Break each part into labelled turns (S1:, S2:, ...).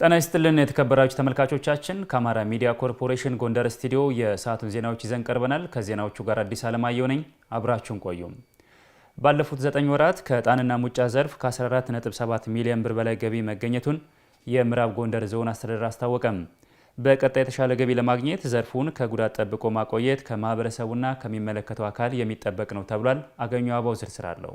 S1: ጤና ይስጥልን የተከበራችሁ ተመልካቾቻችን፣ ከአማራ ሚዲያ ኮርፖሬሽን ጎንደር ስቱዲዮ የሰዓቱን ዜናዎች ይዘን ቀርበናል። ከዜናዎቹ ጋር አዲስ አለማየሁ ነኝ። አብራችሁን ቆዩ። ባለፉት ዘጠኝ ወራት ከዕጣንና ሙጫ ዘርፍ ከ14.7 ሚሊዮን ብር በላይ ገቢ መገኘቱን የምዕራብ ጎንደር ዞን አስተዳደር አስታወቀም። በቀጣይ የተሻለ ገቢ ለማግኘት ዘርፉን ከጉዳት ጠብቆ ማቆየት ከማህበረሰቡና ከሚመለከተው አካል የሚጠበቅ ነው ተብሏል። አገኘ አባው ዝርዝር አለው።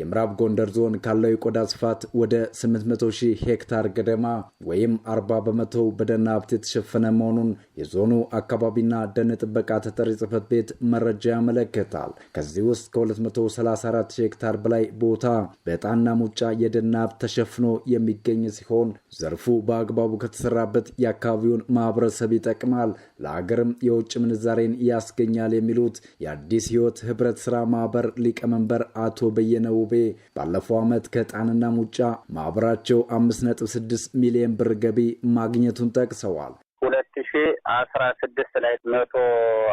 S2: የምዕራብ ጎንደር ዞን ካለው የቆዳ ስፋት ወደ 800,000 ሄክታር ገደማ ወይም 40 በመቶ በደን ሀብት የተሸፈነ መሆኑን የዞኑ አካባቢና ደን ጥበቃ ተጠሪ ጽህፈት ቤት መረጃ ያመለክታል። ከዚህ ውስጥ ከ234 ሄክታር በላይ ቦታ በዕጣና ሙጫ የደን ሀብት ተሸፍኖ የሚገኝ ሲሆን ዘርፉ በአግባቡ ከተሰራበት የአካባቢውን ማህበረሰብ ይጠቅማል፣ ለአገርም የውጭ ምንዛሬን ያስገኛል የሚሉት የአዲስ ሕይወት ህብረት ስራ ማህበር ሊቀመንበር አቶ በየነው ውቤ ባለፈው ዓመት ከዕጣንና ሙጫ ማኅበራቸው 5.6 ሚሊዮን ብር ገቢ ማግኘቱን ጠቅሰዋል።
S3: ሁለት ሺ አስራ ስድስት ላይ መቶ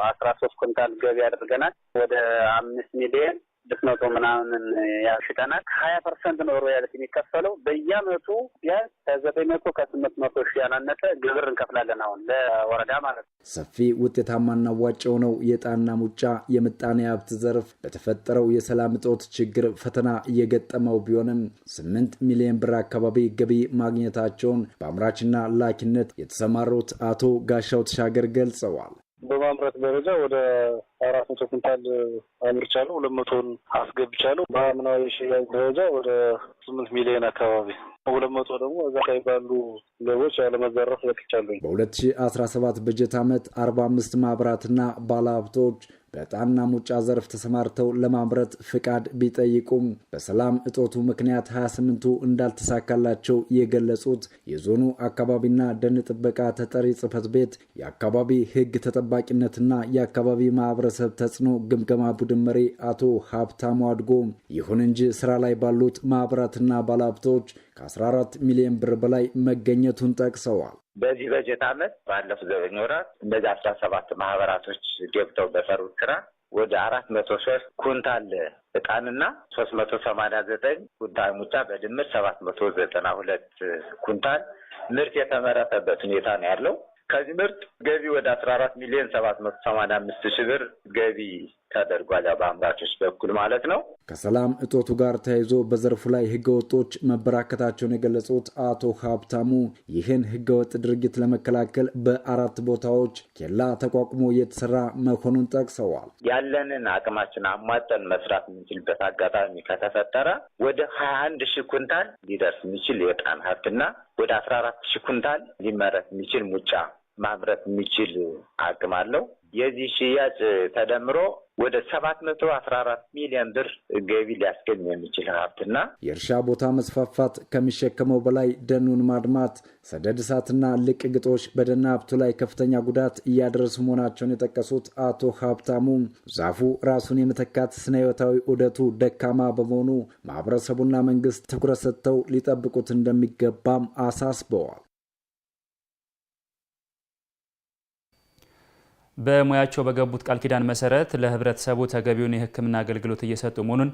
S3: አስራ ሶስት ኩንታል ገቢ አድርገናል። ወደ አምስት ሚሊዮን ስድስት መቶ ምናምን ያሽጠናል። ሀያ ፐርሰንት ነው ሮያልቲ የሚከፈለው በየአመቱ ቢያንስ ከዘጠኝ መቶ ከስምንት መቶ ሺህ ያላነሰ ግብር እንከፍላለን። አሁን ለወረዳ ማለት ነው።
S2: ሰፊ ውጤታማና ዋጭ የሆነው የጣና ሙጫ የምጣኔ ሀብት ዘርፍ በተፈጠረው የሰላም እጦት ችግር ፈተና እየገጠመው ቢሆንም ስምንት ሚሊዮን ብር አካባቢ ገቢ ማግኘታቸውን በአምራችና ላኪነት የተሰማሩት አቶ ጋሻው ተሻገር ገልጸዋል።
S4: በማምረት ደረጃ ወደ አራት መቶ ኩንታል አምርቻለሁ። ሁለት መቶን አስገብቻለሁ። በአምናዊ ሽያጭ ደረጃ ወደ ስምንት ሚሊዮን አካባቢ ሁለት መቶ ደግሞ እዛ ላይ ባሉ ሌቦች ያለመዘረፍ ለቅቻለሁ።
S2: በሁለት ሺ አስራ ሰባት በጀት አመት አርባ አምስት ማህበራትና ባለሀብቶች በጣና ሙጫ ዘርፍ ተሰማርተው ለማምረት ፍቃድ ቢጠይቁም በሰላም እጦቱ ምክንያት 28ቱ እንዳልተሳካላቸው የገለጹት የዞኑ አካባቢና ደን ጥበቃ ተጠሪ ጽህፈት ቤት የአካባቢ ሕግ ተጠባቂነትና የአካባቢ ማህበረሰብ ተጽዕኖ ግምገማ ቡድን መሪ አቶ ሀብታሙ አድጎ ይሁን እንጂ ስራ ላይ ባሉት ማኅበራትና ባለሀብቶች ከ14 ሚሊዮን ብር በላይ መገኘቱን ጠቅሰዋል።
S5: በዚህ በጀት ዓመት ባለፉት ዘጠኝ ወራት እንደዚህ አስራ ሰባት ማህበራቶች ገብተው በሰሩት ስራ ወደ አራት መቶ ሶስት ኩንታል እጣንና ሶስት መቶ ሰማንያ ዘጠኝ ኩንታል ሙጫ በድምር ሰባት መቶ ዘጠና ሁለት ኩንታል ምርት የተመረተበት ሁኔታ ነው ያለው። ከዚህ ምርት ገቢ ወደ አስራ አራት ሚሊዮን ሰባት መቶ ሰማንያ አምስት ሺህ ብር ገቢ ተደርጓል። በአምራቾች በኩል ማለት ነው።
S2: ከሰላም እጦቱ ጋር ተያይዞ በዘርፉ ላይ ህገወጦች መበራከታቸውን የገለጹት አቶ ሀብታሙ ይህን ህገወጥ ድርጊት ለመከላከል በአራት ቦታዎች ኬላ ተቋቁሞ እየተሰራ መሆኑን ጠቅሰዋል።
S5: ያለንን አቅማችን አሟጠን መስራት የምንችልበት አጋጣሚ ከተፈጠረ ወደ ሀያ አንድ ሺህ ኩንታል ሊደርስ የሚችል የጣን ሀብትና ወደ አስራ አራት ሺህ ኩንታል ሊመረት የሚችል ሙጫ ማምረት የሚችል አቅም አለው። የዚህ ሽያጭ ተደምሮ ወደ ሰባት መቶ አስራ አራት ሚሊዮን ብር ገቢ ሊያስገኝ የሚችል ሀብትና
S2: የእርሻ ቦታ መስፋፋት ከሚሸከመው በላይ ደኑን ማድማት፣ ሰደድ እሳትና ልቅ ግጦሽ በደን ሀብቱ ላይ ከፍተኛ ጉዳት እያደረሱ መሆናቸውን የጠቀሱት አቶ ሀብታሙ ዛፉ ራሱን የመተካት ስነ ህይወታዊ ዑደቱ ደካማ በመሆኑ ማህበረሰቡና መንግስት ትኩረት ሰጥተው ሊጠብቁት እንደሚገባም አሳስበዋል።
S1: በሙያቸው በገቡት ቃል ኪዳን መሰረት ለህብረተሰቡ ተገቢውን የህክምና አገልግሎት እየሰጡ መሆኑን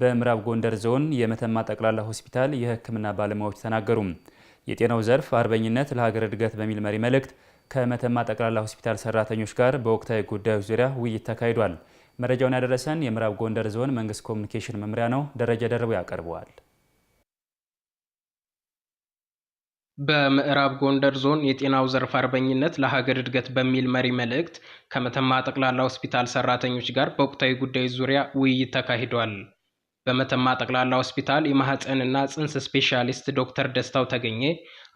S1: በምዕራብ ጎንደር ዞን የመተማ ጠቅላላ ሆስፒታል የህክምና ባለሙያዎች ተናገሩ። የጤናው ዘርፍ አርበኝነት ለሀገር እድገት በሚል መሪ መልእክት ከመተማ ጠቅላላ ሆስፒታል ሰራተኞች ጋር በወቅታዊ ጉዳዮች ዙሪያ ውይይት ተካሂዷል። መረጃውን ያደረሰን የምዕራብ ጎንደር ዞን መንግስት ኮሚኒኬሽን መምሪያ ነው። ደረጃ ደርቡ ያቀርበዋል።
S6: በምዕራብ ጎንደር ዞን የጤናው ዘርፍ አርበኝነት ለሀገር እድገት በሚል መሪ መልእክት ከመተማ ጠቅላላ ሆስፒታል ሰራተኞች ጋር በወቅታዊ ጉዳዮች ዙሪያ ውይይት ተካሂዷል። በመተማ ጠቅላላ ሆስፒታል የማህፀንና ጽንስ ስፔሻሊስት ዶክተር ደስታው ተገኘ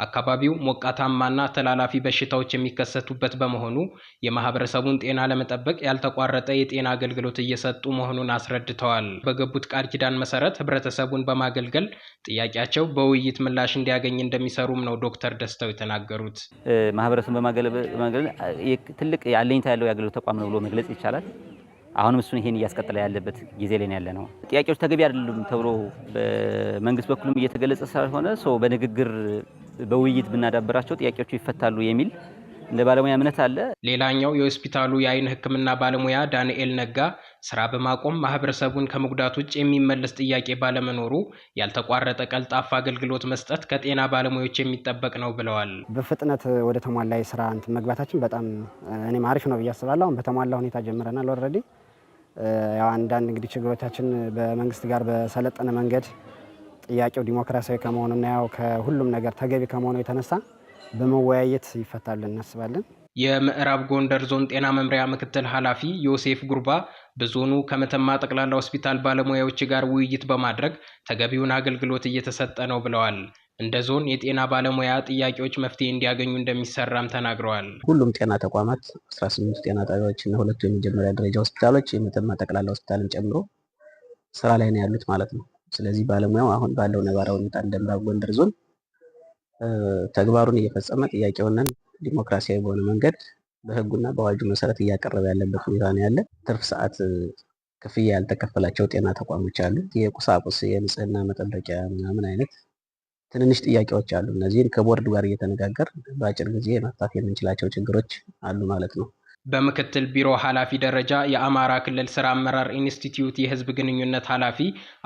S6: አካባቢው ሞቃታማና ተላላፊ በሽታዎች የሚከሰቱበት በመሆኑ የማህበረሰቡን ጤና ለመጠበቅ ያልተቋረጠ የጤና አገልግሎት እየሰጡ መሆኑን አስረድተዋል። በገቡት ቃል ኪዳን መሰረት ህብረተሰቡን በማገልገል ጥያቄያቸው በውይይት ምላሽ እንዲያገኝ እንደሚሰሩም ነው ዶክተር ደስታው የተናገሩት።
S7: ማህበረሰቡን በማገልገል ትልቅ አለኝታ ያለው የአገልግሎት ተቋም ነው ብሎ መግለጽ ይቻላል። አሁንም እሱን ይሄን እያስቀጠለ ያለበት ጊዜ ላይ ያለ ነው። ጥያቄዎች ተገቢ አይደሉም ተብሎ በመንግስት በኩልም እየተገለጸ ስላልሆነ ሰው በንግግር በውይይት ብናዳብራቸው ጥያቄዎቹ ይፈታሉ የሚል እንደ ባለሙያ እምነት አለ።
S6: ሌላኛው የሆስፒታሉ የአይን ሕክምና ባለሙያ ዳንኤል ነጋ ስራ በማቆም ማህበረሰቡን ከመጉዳት ውጭ የሚመለስ ጥያቄ ባለመኖሩ ያልተቋረጠ ቀልጣፋ አገልግሎት መስጠት ከጤና ባለሙያዎች የሚጠበቅ ነው ብለዋል።
S8: በፍጥነት ወደ ተሟላ የስራ እንትን መግባታችን በጣም እኔም አሪፍ ነው ብዬ አስባለሁ። አሁን በተሟላ ሁኔታ ጀምረናል ኦልሬዲ ያው አንዳንድ እንግዲህ ችግሮቻችን በመንግስት ጋር በሰለጠነ መንገድ ጥያቄው ዲሞክራሲያዊ ከመሆኑና ያው ከሁሉም ነገር ተገቢ ከመሆኑ የተነሳ በመወያየት ይፈታል እናስባለን።
S6: የምዕራብ ጎንደር ዞን ጤና መምሪያ ምክትል ኃላፊ ዮሴፍ ጉርባ በዞኑ ከመተማ ጠቅላላ ሆስፒታል ባለሙያዎች ጋር ውይይት በማድረግ ተገቢውን አገልግሎት እየተሰጠ ነው ብለዋል። እንደ ዞን የጤና ባለሙያ ጥያቄዎች መፍትሄ እንዲያገኙ እንደሚሰራም ተናግረዋል።
S9: ሁሉም ጤና ተቋማት 18 ጤና ጣቢያዎች እና ሁለቱ የመጀመሪያ ደረጃ ሆስፒታሎች የመተማ ጠቅላላ ሆስፒታልን ጨምሮ ስራ ላይ ነው ያሉት ማለት ነው። ስለዚህ ባለሙያው አሁን ባለው ነባራዊ ሁኔታ እንደ ምዕራብ ጎንደር ዞን ተግባሩን እየፈጸመ ጥያቄውን ዲሞክራሲያዊ በሆነ መንገድ በህጉና በአዋጁ መሰረት እያቀረበ ያለበት ሁኔታ ነው ያለ። ትርፍ ሰዓት ክፍያ ያልተከፈላቸው ጤና ተቋሞች አሉ። የቁሳቁስ የንጽህና መጠበቂያ ምናምን አይነት ትንንሽ ጥያቄዎች አሉ። እነዚህን ከቦርድ ጋር እየተነጋገር በአጭር ጊዜ መፍታት የምንችላቸው ችግሮች አሉ ማለት ነው።
S6: በምክትል ቢሮ ኃላፊ ደረጃ የአማራ ክልል ስራ አመራር ኢንስቲትዩት የህዝብ ግንኙነት ኃላፊ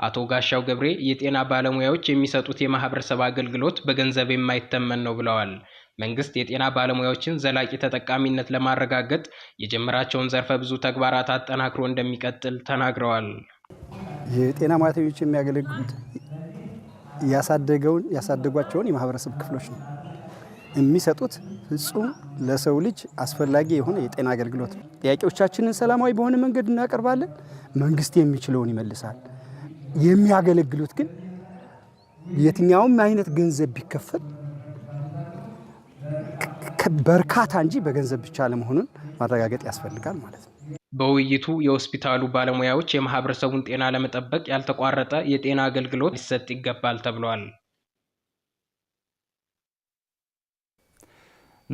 S6: አቶ ጋሻው ገብሬ የጤና ባለሙያዎች የሚሰጡት የማህበረሰብ አገልግሎት በገንዘብ የማይተመን ነው ብለዋል። መንግስት የጤና ባለሙያዎችን ዘላቂ ተጠቃሚነት ለማረጋገጥ የጀመራቸውን ዘርፈ ብዙ ተግባራት አጠናክሮ እንደሚቀጥል ተናግረዋል።
S10: የጤና ሙያተኞች የሚያገለግሉት ያሳደገውን ያሳደጓቸውን የማህበረሰብ ክፍሎች ነው የሚሰጡት ፍጹም ለሰው ልጅ አስፈላጊ የሆነ የጤና አገልግሎት ነው። ጥያቄዎቻችንን ሰላማዊ በሆነ መንገድ እናቀርባለን። መንግስት የሚችለውን ይመልሳል። የሚያገለግሉት ግን የትኛውም አይነት ገንዘብ ቢከፈል በርካታ እንጂ በገንዘብ ብቻ ለመሆኑን ማረጋገጥ ያስፈልጋል ማለት ነው።
S6: በውይይቱ የሆስፒታሉ ባለሙያዎች የማህበረሰቡን ጤና ለመጠበቅ ያልተቋረጠ የጤና አገልግሎት ሊሰጥ ይገባል ተብሏል።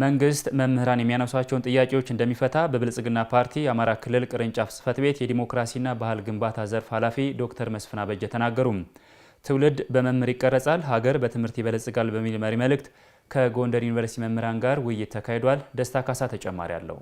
S1: መንግስት መምህራን የሚያነሷቸውን ጥያቄዎች እንደሚፈታ በብልጽግና ፓርቲ የአማራ ክልል ቅርንጫፍ ጽህፈት ቤት የዲሞክራሲና ባህል ግንባታ ዘርፍ ኃላፊ ዶክተር መስፍን አበጀ ተናገሩ። ትውልድ በመምህር ይቀረጻል፣ ሀገር በትምህርት ይበለጽጋል በሚል መሪ መልእክት ከጎንደር ዩኒቨርሲቲ መምህራን ጋር ውይይት ተካሂዷል። ደስታ ካሳ ተጨማሪ አለው።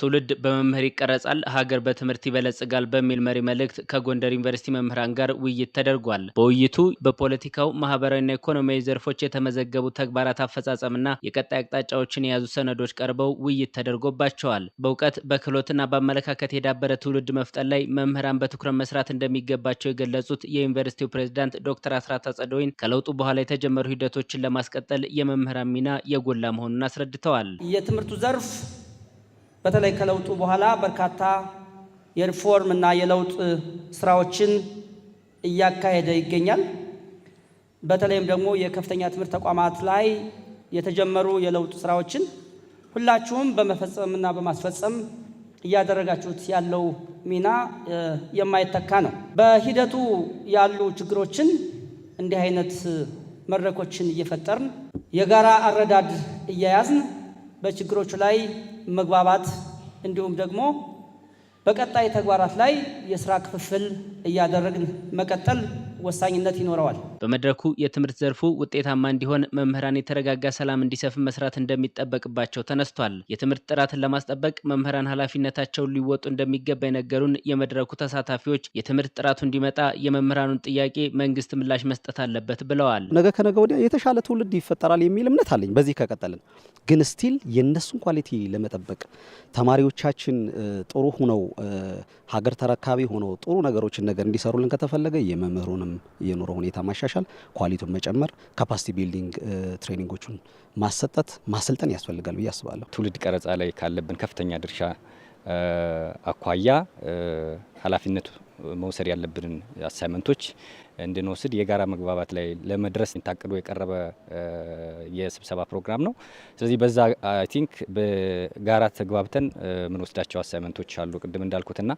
S6: ትውልድ በመምህር ይቀረጻል፣ ሀገር በትምህርት ይበለጽጋል በሚል መሪ መልእክት ከጎንደር ዩኒቨርሲቲ መምህራን ጋር ውይይት ተደርጓል። በውይይቱ በፖለቲካው ማህበራዊና ኢኮኖሚያዊ ዘርፎች የተመዘገቡ ተግባራት አፈጻጸምና የቀጣይ አቅጣጫዎችን የያዙ ሰነዶች ቀርበው ውይይት ተደርጎባቸዋል። በእውቀት በክህሎትና በአመለካከት የዳበረ ትውልድ መፍጠር ላይ መምህራን በትኩረት መስራት እንደሚገባቸው የገለጹት የዩኒቨርሲቲው ፕሬዝዳንት ዶክተር አስራት አጸደወይን ከለውጡ በኋላ የተጀመሩ ሂደቶችን ለማስቀጠል የመምህራን ሚና የጎላ መሆኑን አስረድተዋል።
S11: የትምህርቱ ዘርፍ በተለይ ከለውጡ በኋላ በርካታ የሪፎርም እና የለውጥ ስራዎችን እያካሄደ ይገኛል። በተለይም ደግሞ የከፍተኛ ትምህርት ተቋማት ላይ የተጀመሩ የለውጥ ስራዎችን ሁላችሁም እና በማስፈጸም እያደረጋችሁት ያለው ሚና የማይተካ ነው። በሂደቱ ያሉ ችግሮችን እንዲህ አይነት መድረኮችን እየፈጠርን የጋራ አረዳድ እያያዝን በችግሮቹ ላይ መግባባት እንዲሁም ደግሞ በቀጣይ ተግባራት ላይ የስራ ክፍፍል እያደረግን መቀጠል ወሳኝነት ይኖረዋል።
S6: በመድረኩ የትምህርት ዘርፉ ውጤታማ እንዲሆን መምህራን የተረጋጋ ሰላም እንዲሰፍን መስራት እንደሚጠበቅባቸው ተነስቷል። የትምህርት ጥራትን ለማስጠበቅ መምህራን ኃላፊነታቸውን ሊወጡ እንደሚገባ የነገሩን የመድረኩ ተሳታፊዎች የትምህርት ጥራቱ እንዲመጣ የመምህራኑን ጥያቄ መንግስት ምላሽ መስጠት አለበት ብለዋል።
S12: ነገ ከነገ ወዲያ የተሻለ ትውልድ ይፈጠራል የሚል እምነት አለኝ። በዚህ ከቀጠልን ግን ስቲል የእነሱን ኳሊቲ ለመጠበቅ ተማሪዎቻችን ጥሩ ሆነው ሀገር ተረካቢ ሆነው ጥሩ ነገሮችን ነገር እንዲሰሩልን ከተፈለገ የመምህሩንም ያለውን የኑሮ ሁኔታ ማሻሻል፣ ኳሊቲውን መጨመር፣ ካፓሲቲ ቢልዲንግ ትሬኒንጎቹን ማሰጠት፣ ማሰልጠን ያስፈልጋል ብዬ አስባለሁ።
S13: ትውልድ ቀረጻ ላይ ካለብን ከፍተኛ ድርሻ አኳያ ኃላፊነት መውሰድ ያለብንን አሳይመንቶች እንድንወስድ የጋራ መግባባት ላይ ለመድረስ ታቅዶ የቀረበ የስብሰባ ፕሮግራም ነው። ስለዚህ በዛ አይ ቲንክ በጋራ ተግባብተን ምንወስዳቸው አሳይመንቶች አሉ ቅድም እንዳልኩትና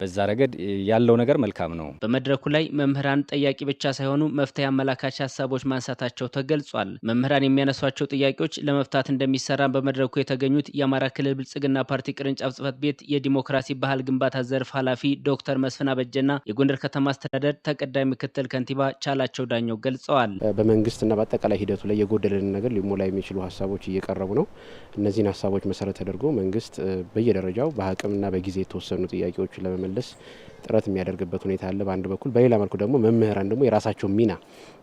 S13: በዛ ረገድ ያለው ነገር መልካም ነው።
S6: በመድረኩ ላይ መምህራን ጠያቂ ብቻ ሳይሆኑ መፍትሄ አመላካች ሀሳቦች ማንሳታቸው ተገልጿል። መምህራን የሚያነሷቸው ጥያቄዎች ለመፍታት እንደሚሰራ በመድረኩ የተገኙት የአማራ ክልል ብልጽግና ፓርቲ ቅርንጫፍ ጽህፈት ቤት የዲሞክራሲ ባህል ግንባታ ዘርፍ ኃላፊ ዶክተር መስፍን አበጀና የጎንደር ከተማ አስተዳደር ተቀዳሚ ምክትል ምክትል ከንቲባ ቻላቸው ዳኘው ገልጸዋል።
S14: በመንግስትና በአጠቃላይ ሂደቱ ላይ የጎደለን ነገር ሊሞላ የሚችሉ ሀሳቦች እየቀረቡ ነው። እነዚህን ሀሳቦች መሰረት ተደርጎ መንግስት በየደረጃው በአቅምና በጊዜ የተወሰኑ ጥያቄዎችን ለመመለስ ጥረት የሚያደርግበት ሁኔታ አለ በአንድ በኩል በሌላ መልኩ ደግሞ መምህራን ደግሞ የራሳቸው ሚና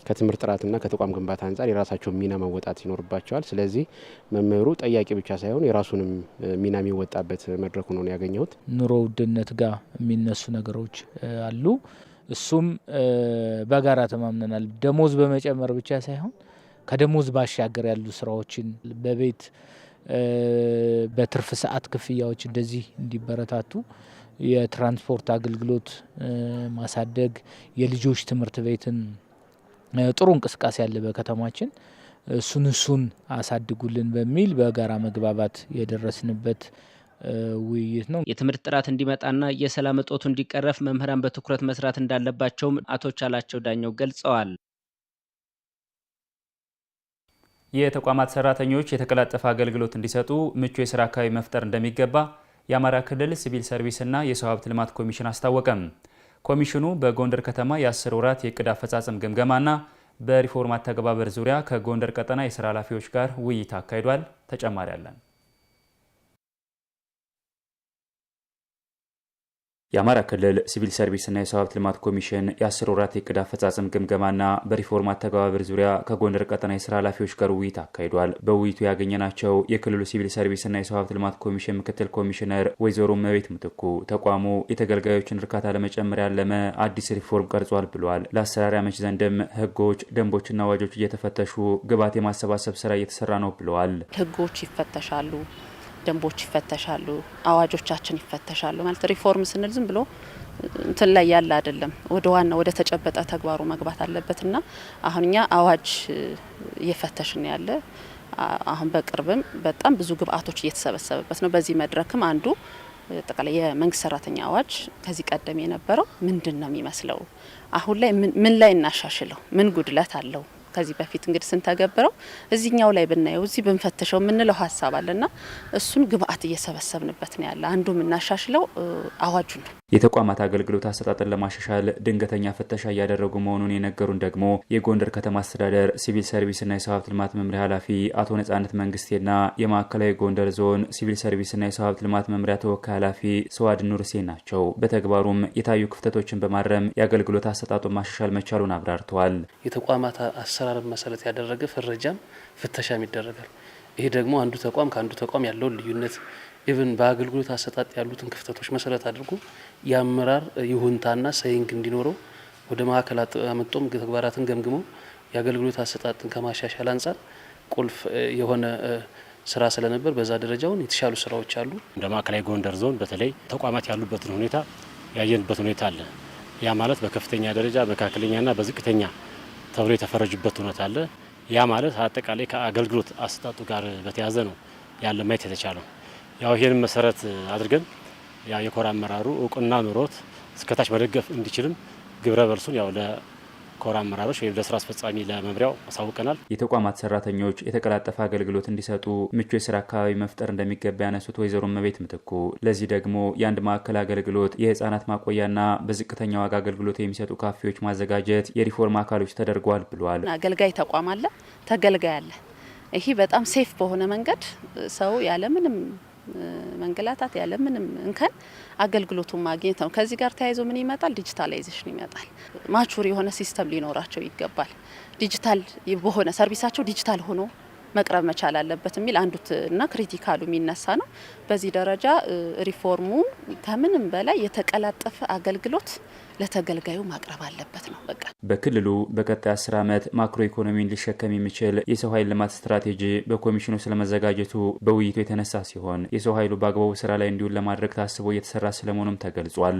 S14: ከትምህርት ጥራትና ከተቋም ግንባታ አንጻር የራሳቸው ሚና መወጣት ይኖርባቸዋል። ስለዚህ መምህሩ ጠያቂ ብቻ ሳይሆን የራሱንም ሚና የሚወጣበት መድረክ ነው ያገኘሁት።
S15: ኑሮ ውድነት ጋር የሚነሱ ነገሮች አሉ። እሱም በጋራ ተማምነናል። ደሞዝ በመጨመር ብቻ ሳይሆን ከደሞዝ ባሻገር ያሉ ስራዎችን በቤት በትርፍ ሰዓት ክፍያዎች እንደዚህ እንዲበረታቱ የትራንስፖርት አገልግሎት ማሳደግ፣ የልጆች ትምህርት ቤትን ጥሩ እንቅስቃሴ ያለ በከተማችን እሱን እሱን አሳድጉልን በሚል በጋራ መግባባት የደረስንበት ውይይት ነው።
S6: የትምህርት ጥራት እንዲመጣና የሰላም እጦቱ እንዲቀረፍ መምህራን በትኩረት መስራት እንዳለባቸውም አቶ ቻላቸው ዳኘው ገልጸዋል።
S1: የተቋማት ሰራተኞች የተቀላጠፈ አገልግሎት እንዲሰጡ ምቹ የስራ አካባቢ መፍጠር እንደሚገባ የአማራ ክልል ሲቪል ሰርቪስና የሰው ሀብት ልማት ኮሚሽን አስታወቀም። ኮሚሽኑ በጎንደር ከተማ የአስር ወራት የእቅድ አፈጻጸም ግምገማና በሪፎርም አተገባበር ዙሪያ ከጎንደር ቀጠና የስራ ኃላፊዎች ጋር ውይይት አካሂዷል። ተጨማሪ አለን።
S6: የአማራ ክልል ሲቪል ሰርቪስና የሰው ሀብት ልማት ኮሚሽን የአስር ወራት የቅድ አፈጻጸም ግምገማና በሪፎርም አተገባበር ዙሪያ ከጎንደር ቀጠና የስራ ኃላፊዎች ጋር ውይይት አካሂዷል። በውይይቱ ያገኘናቸው የክልሉ ሲቪል ሰርቪስና የሰው ሀብት ልማት ኮሚሽን ምክትል ኮሚሽነር ወይዘሮ መቤት ምትኩ ተቋሙ የተገልጋዮችን እርካታ ለመጨመር ያለመ አዲስ ሪፎርም ቀርጿል ብሏል። ለአሰራር ያመች ዘንድም ህጎች፣ ደንቦችና አዋጆች እየተፈተሹ ግብዓት የማሰባሰብ ስራ እየተሰራ ነው ብለዋል።
S16: ህጎች ይፈተሻሉ ደንቦች ይፈተሻሉ፣ አዋጆቻችን ይፈተሻሉ። ማለት ሪፎርም ስንል ዝም ብሎ እንትን ላይ ያለ አይደለም። ወደ ዋና ወደ ተጨበጠ ተግባሩ መግባት አለበትና አሁን እኛ አዋጅ እየፈተሽን ያለ አሁን በቅርብም በጣም ብዙ ግብአቶች እየተሰበሰበበት ነው። በዚህ መድረክም አንዱ አጠቃላይ የመንግስት ሰራተኛ አዋጅ ከዚህ ቀደም የነበረው ምንድን ነው የሚመስለው፣ አሁን ላይ ምን ላይ እናሻሽለው፣ ምን ጉድለት አለው ከዚህ በፊት እንግዲህ ስንተገብረው እዚህኛው ላይ ብናየው እዚህ ብንፈትሸው የምንለው ሀሳብ አለና እሱን ግብአት እየሰበሰብንበት ነው ያለ። አንዱ የምናሻሽለው አዋጁ ነው። የተቋማት አገልግሎት አሰጣጥን ለማሻሻል ድንገተኛ ፍተሻ እያደረጉ መሆኑን የነገሩን ደግሞ የጎንደር ከተማ አስተዳደር ሲቪል ሰርቪስና የሰው ሀብት ልማት መምሪያ ኃላፊ አቶ ነጻነት መንግስቴና የማዕከላዊ ጎንደር ዞን ሲቪል ሰርቪስና የሰው ሀብት ልማት መምሪያ ተወካይ ኃላፊ ሰዋድ ኑርሴ ናቸው። በተግባሩም የታዩ ክፍተቶችን በማረም የአገልግሎት አሰጣጡን ማሻሻል መቻሉን አብራርተዋል። የተቋማት አሰራርን መሰረት ያደረገ ፍረጃም ፍተሻም ይደረጋል። ይሄ ደግሞ አንዱ ተቋም ከአንዱ ተቋም ያለውን ልዩነት ኢቭን በአገልግሎት አሰጣጥ ያሉትን ክፍተቶች መሰረት አድርጎ የአመራር ይሁንታና ሰይንግ እንዲኖረው ወደ ማዕከል አመጦም ተግባራትን ገምግሞ የአገልግሎት አሰጣጥን ከማሻሻል አንጻር ቁልፍ የሆነ ስራ ስለነበር በዛ ደረጃውን የተሻሉ ስራዎች አሉ። እንደ ማዕከላዊ ጎንደር ዞን በተለይ ተቋማት ያሉበትን ሁኔታ ያየንበት ሁኔታ አለ። ያ ማለት በከፍተኛ ደረጃ መካከለኛና በዝቅተኛ ተብሎ የተፈረጁበት ሁኔታ አለ። ያ ማለት አጠቃላይ ከአገልግሎት አሰጣጡ ጋር በተያያዘ ነው ያለ ማየት የተቻለው። ያው ይሄን መሰረት አድርገን ያው የኮራ አመራሩ እውቅና ኑሮት እስከታች መደገፍ እንዲችልም ግብረ መልሱን ያው ለኮር አመራሮች ወይም ለስራ አስፈጻሚ ለመምሪያው አሳውቀናል። የተቋማት ሰራተኞች የተቀላጠፈ አገልግሎት እንዲሰጡ ምቹ የስራ አካባቢ መፍጠር እንደሚገባ ያነሱት ወይዘሮ መቤት ምትኩ ለዚህ ደግሞ የአንድ ማዕከል አገልግሎት የህፃናት ማቆያና በዝቅተኛ ዋጋ አገልግሎት የሚሰጡ ካፌዎች ማዘጋጀት የሪፎርም አካሎች ተደርጓል ብሏል። አገልጋይ ተቋም አለ፣ ተገልጋይ አለ። ይሄ በጣም ሴፍ በሆነ መንገድ ሰው ያለምንም መንገላታት ያለ ምንም እንከን አገልግሎቱን ማግኘት ነው። ከዚህ ጋር ተያይዞ ምን ይመጣል? ዲጂታላይዜሽን ይመጣል። ማቹር የሆነ ሲስተም ሊኖራቸው ይገባል። ዲጂታል በሆነ ሰርቪሳቸው ዲጂታል ሆኖ መቅረብ መቻል አለበት የሚል እና ክሪቲካሉ የሚነሳ ነው። በዚህ ደረጃ ሪፎርሙ ከምንም በላይ የተቀላጠፈ አገልግሎት ለተገልጋዩ ማቅረብ አለበት ነው። በቃ በክልሉ በቀጣይ አስር ዓመት ማክሮ ኢኮኖሚን ሊሸከም የሚችል የሰው ኃይል ልማት ስትራቴጂ በኮሚሽኑ ስለመዘጋጀቱ በውይይቱ የተነሳ ሲሆን የሰው ኃይሉ በአግባቡ ስራ ላይ እንዲውል ለማድረግ ታስቦ እየተሰራ ስለመሆኑም ተገልጿል።